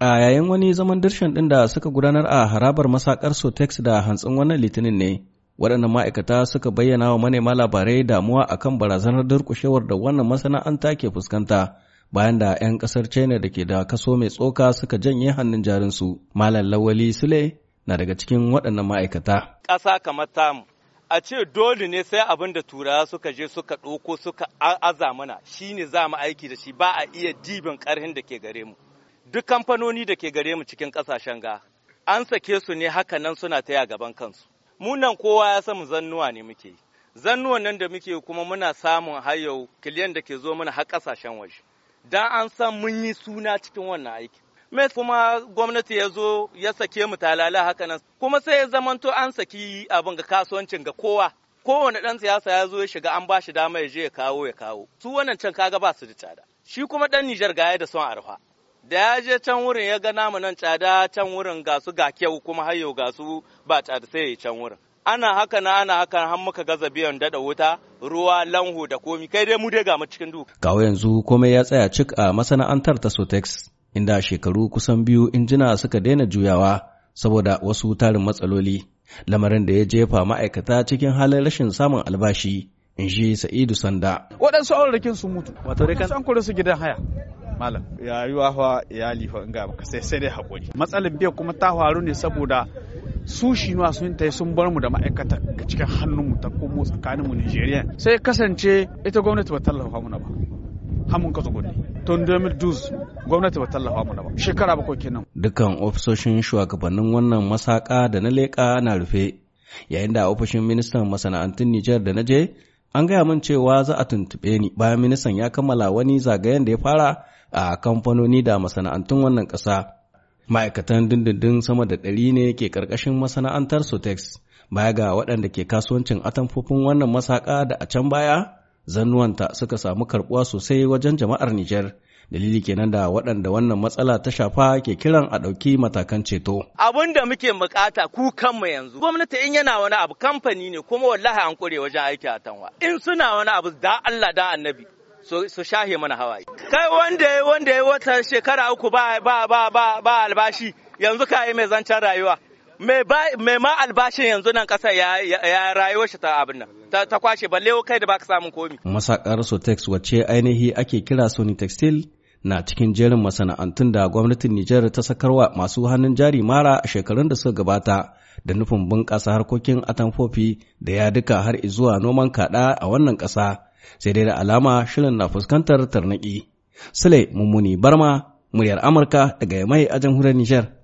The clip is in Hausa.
a yayin wani zaman dirshan ɗin da suka gudanar a harabar masakar sotex da hantsin wannan litinin ne waɗannan ma'aikata suka bayyana wa manema labarai damuwa akan barazanar durƙushewar da wannan masana'anta ke fuskanta bayan da 'yan ƙasar china da ke da kaso mai tsoka suka janye hannun jarinsu malam lawali sule na daga cikin waɗannan ma'aikata ƙasa kamar tamu a ce dole ne sai abin da turawa suka je suka ɗauko suka aza mana shine za mu aiki da shi ba a iya dibin ƙarhin da ke gare mu duk kamfanoni da ke gare mu cikin kasashen ga an sake su ne haka nan suna taya gaban kansu mu nan kowa ya san zannuwa ne muke yi zannuwan nan da muke kuma muna samun hayau kiliyan da ke zo mana har kasashen waje dan an san mun yi suna cikin wannan aiki me kuma gwamnati ya zo ya sake mu talala haka nan kuma sai ya zamanto an saki abin ga kasuwancin ga kowa kowane ɗan siyasa ya zo ya shiga an ba shi dama ya je ya kawo ya kawo su wannan can kaga ba su da tsada shi kuma ɗan Nijar gaya da son arfa da ya je can wurin ya ga namu nan tsada can wurin ga su ga kyau kuma hayo ga su ba tsada sai ya can wurin ana haka na ana haka har muka gaza biyan dada wuta ruwa lanho da komi kai dai mu dai ga mu cikin duka kawo yanzu komai ya tsaya cik a masana'antar ta Sotex inda shekaru kusan biyu injina suka daina juyawa saboda wasu tarin matsaloli lamarin da ya jefa ma'aikata cikin halin rashin samun albashi in ji Sa'idu Sanda waɗansu aurarikin sun mutu wato dai kan an su gidan haya malam rayuwa fa iyali fa in ga ba. sai sai dai hakuri matsalar biya kuma ta faru ne saboda su nuwa sun ta sun bar mu da ma'aikata cikin hannun mu ta komo tsakanin mu Nigeria sai kasance ita gwamnati ba tallafa na ba hamun ka tsugunni tun 2012 gwamnati ba tallafa na ba shekara bakwai kenan dukkan ofisoshin shugabannin wannan masaka da na leka na rufe yayin da ofishin ministan masana'antun Nijar da na je an gaya min cewa za a tuntube ni bayan ministan ya kammala wani zagayen da ya fara a kamfanoni da masana'antun wannan ƙasa. Ma'aikatan dindindin sama da ɗari ne ke ƙarƙashin masana'antar Sotex, baya ga waɗanda ke kasuwancin atamfofin wannan masaƙa da a can baya, zannuwanta suka samu karɓuwa sosai wajen jama'ar Nijar. dalili kenan da waɗanda wannan matsala ta shafa ke kiran a ɗauki matakan ceto. Abin da muke bukata ku kanmu yanzu gwamnati in yana wani abu kamfani ne kuma wallahi an kure wajen aiki a tanwa in suna wani abu da Allah da annabi su shahe mana hawaye kai wanda ya wanda ya wata shekara uku ba ba ba ba ba albashi yanzu ka yi mai zancen rayuwa mai ma albashin yanzu nan kasa ya rayuwar shi ta abin nan ta kwashe balle kai da baka samun komi masakar sotex wacce ainihi ake kira sony textile na cikin jerin masana'antun da gwamnatin Nijar ta sakarwa masu hannun jari mara a shekarun da suka gabata da nufin bunƙasa harkokin atamfofi da ya duka har izuwa noman kaɗa a wannan ƙasa sai dai da alama shirin na fuskantar tarnaki. Sule Mummuni Barma, muryar Amurka daga Yamai a jamhuriyar Nijar.